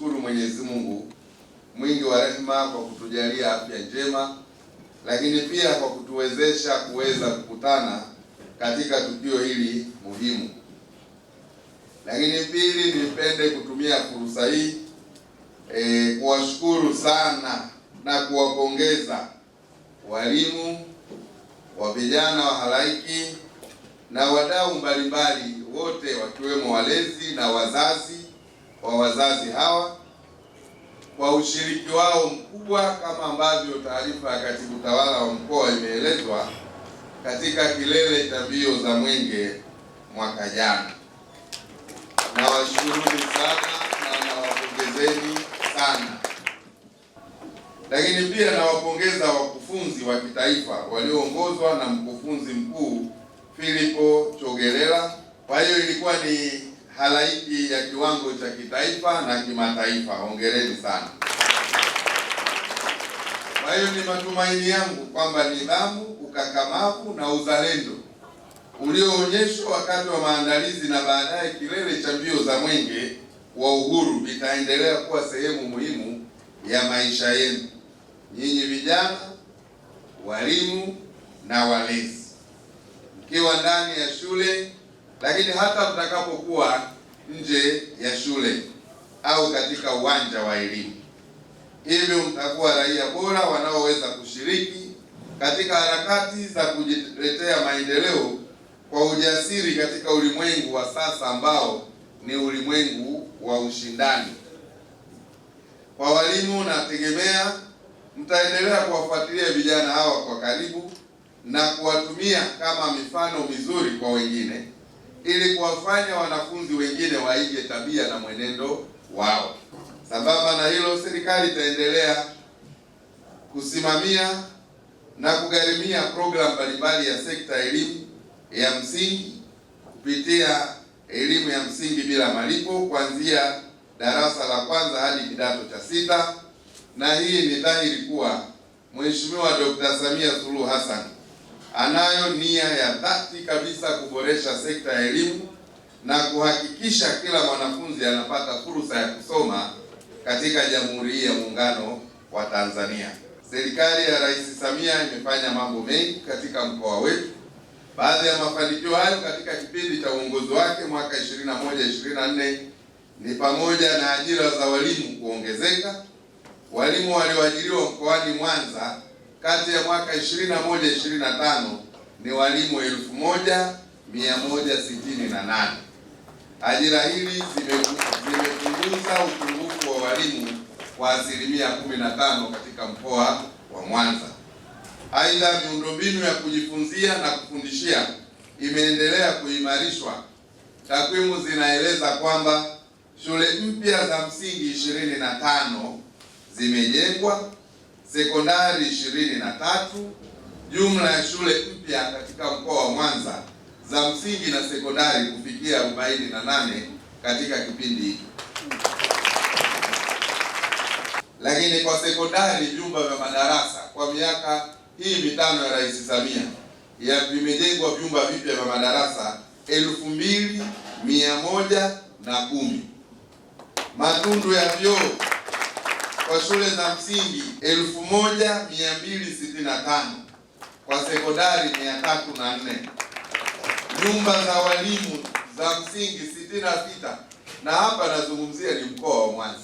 kumshukuru Mwenyezi Mungu mwingi wa rehema kwa kutujalia afya njema, lakini pia kwa kutuwezesha kuweza kukutana katika tukio hili muhimu. Lakini pili, nipende kutumia fursa hii e, kuwashukuru sana na kuwapongeza walimu wa vijana wa halaiki na wadau mbalimbali wote wakiwemo walezi na wazazi kwa wazazi hawa kwa ushiriki wao mkubwa kama ambavyo taarifa ya katibu tawala wa mkoa imeelezwa katika kilele cha mbio za Mwenge mwaka jana. Nawashukuru sana na nawapongezeni sana, lakini pia nawapongeza wakufunzi wa kitaifa walioongozwa na mkufunzi mkuu Filipo Chogerela. Kwa hiyo ilikuwa ni halaiki ya kiwango cha kitaifa na kimataifa. Hongereni sana. Kwa hiyo ni matumaini yangu kwamba nidhamu, ukakamavu na uzalendo ulioonyeshwa wakati wa maandalizi na baadaye kilele cha mbio za Mwenge wa Uhuru vitaendelea kuwa sehemu muhimu ya maisha yenu nyinyi vijana, walimu na walezi, mkiwa ndani ya shule, lakini hata mtakapokuwa nje ya shule au katika uwanja wa elimu. Hivyo mtakuwa raia bora wanaoweza kushiriki katika harakati za kujiletea maendeleo kwa ujasiri katika ulimwengu wa sasa ambao ni ulimwengu wa ushindani. Kwa walimu, nategemea mtaendelea kuwafuatilia vijana hawa kwa karibu na kuwatumia kama mifano mizuri kwa wengine ili kuwafanya wanafunzi wengine waige tabia na mwenendo wao. Sambamba na hilo, serikali itaendelea kusimamia na kugharimia programu mbalimbali ya sekta ya elimu ya msingi kupitia elimu ya msingi bila malipo kuanzia darasa la kwanza hadi kidato cha sita, na hii ni dhahiri kuwa Mheshimiwa Dr. Samia Suluhu Hassan anayo nia ya dhati kabisa kuboresha sekta ya elimu na kuhakikisha kila mwanafunzi anapata fursa ya kusoma katika Jamhuri hii ya Muungano wa Tanzania. Serikali ya Rais Samia imefanya mambo mengi katika mkoa wetu. Baadhi ya mafanikio hayo katika kipindi cha uongozi wake mwaka 21 24 ni pamoja na ajira za walimu kuongezeka. Walimu walioajiriwa mkoani Mwanza kati ya mwaka 21 25 ni walimu 1168. Ajira hili zimepunguza upungufu wa walimu kwa asilimia 15 katika mkoa wa Mwanza. Aidha, miundombinu ya kujifunzia na kufundishia imeendelea kuimarishwa. Takwimu zinaeleza kwamba shule mpya za msingi 25 zimejengwa sekondari 23 Jumla ya shule mpya katika mkoa wa Mwanza za msingi na sekondari kufikia 48 na nane katika kipindi hiki. Lakini kwa sekondari vyumba vya madarasa kwa miaka hii mitano ya Rais Samia ya vimejengwa vyumba vipya vya madarasa elfu mbili mia moja na kumi matundu ya vyoo kwa shule za msingi 1265, kwa sekondari 304, nyumba za walimu za msingi 66, na hapa nazungumzia ni mkoa wa Mwanza.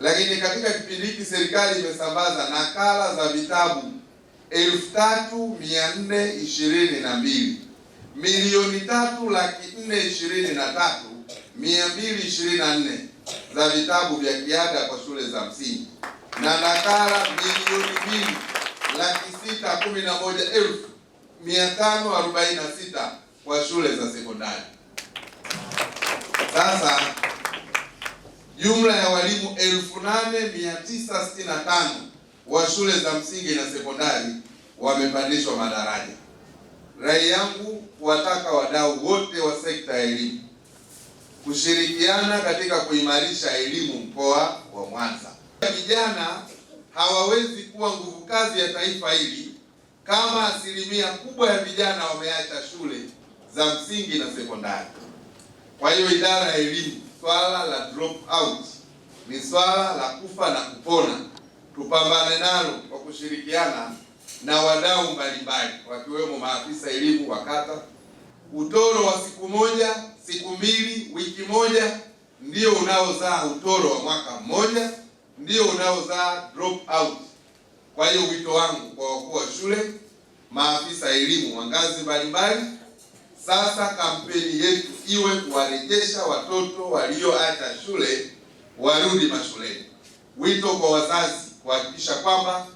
Lakini katika kipindi hiki serikali imesambaza nakala za vitabu 3422 milioni tatu laki nne ishirini na tatu mia mbili ishirini na nne za vitabu vya kiada kwa shule za msingi na nakala milioni mbili laki sita kumi na moja elfu mia tano arobaini na sita kwa shule za sekondari. Sasa jumla ya walimu elfu nane mia tisa sitini na tano wa shule za msingi na sekondari wamepandishwa madaraja. Rai yangu kuwataka wadau wote wa sekta ya elimu kushirikiana katika kuimarisha elimu mkoa wa Mwanza. Vijana hawawezi kuwa nguvu kazi ya taifa hili kama asilimia kubwa ya vijana wameacha shule za msingi na sekondari. Kwa hiyo idara ya elimu, swala la drop out ni swala la kufa na kupona. Tupambane nalo kwa kushirikiana na wadau mbalimbali, wakiwemo maafisa elimu wa kata utoro wa siku moja, siku mbili, wiki moja ndio unaozaa utoro wa mwaka mmoja, ndio unaozaa drop out. Kwa hiyo wito wangu kwa wakuu wa shule, maafisa elimu wa ngazi mbalimbali, sasa kampeni yetu iwe kuwarejesha watoto walioacha shule warudi mashuleni. Wito kwa wazazi kuhakikisha kwamba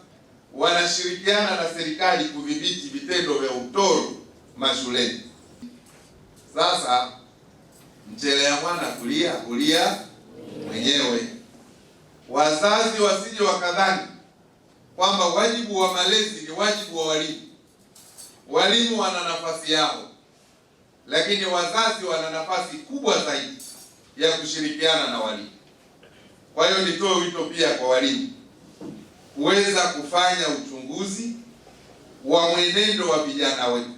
wanashirikiana na serikali kudhibiti vitendo vya utoro mashuleni. Sasa mchelea mwana kulia kulia mwenyewe. Wazazi wasije wakadhani kwamba wajibu wa malezi ni wajibu wa walimu. Walimu wana nafasi yao, lakini wazazi wana nafasi kubwa zaidi ya kushirikiana na walimu. Kwa hiyo nitoe wito pia kwa walimu kuweza kufanya uchunguzi wa mwenendo wa vijana wetu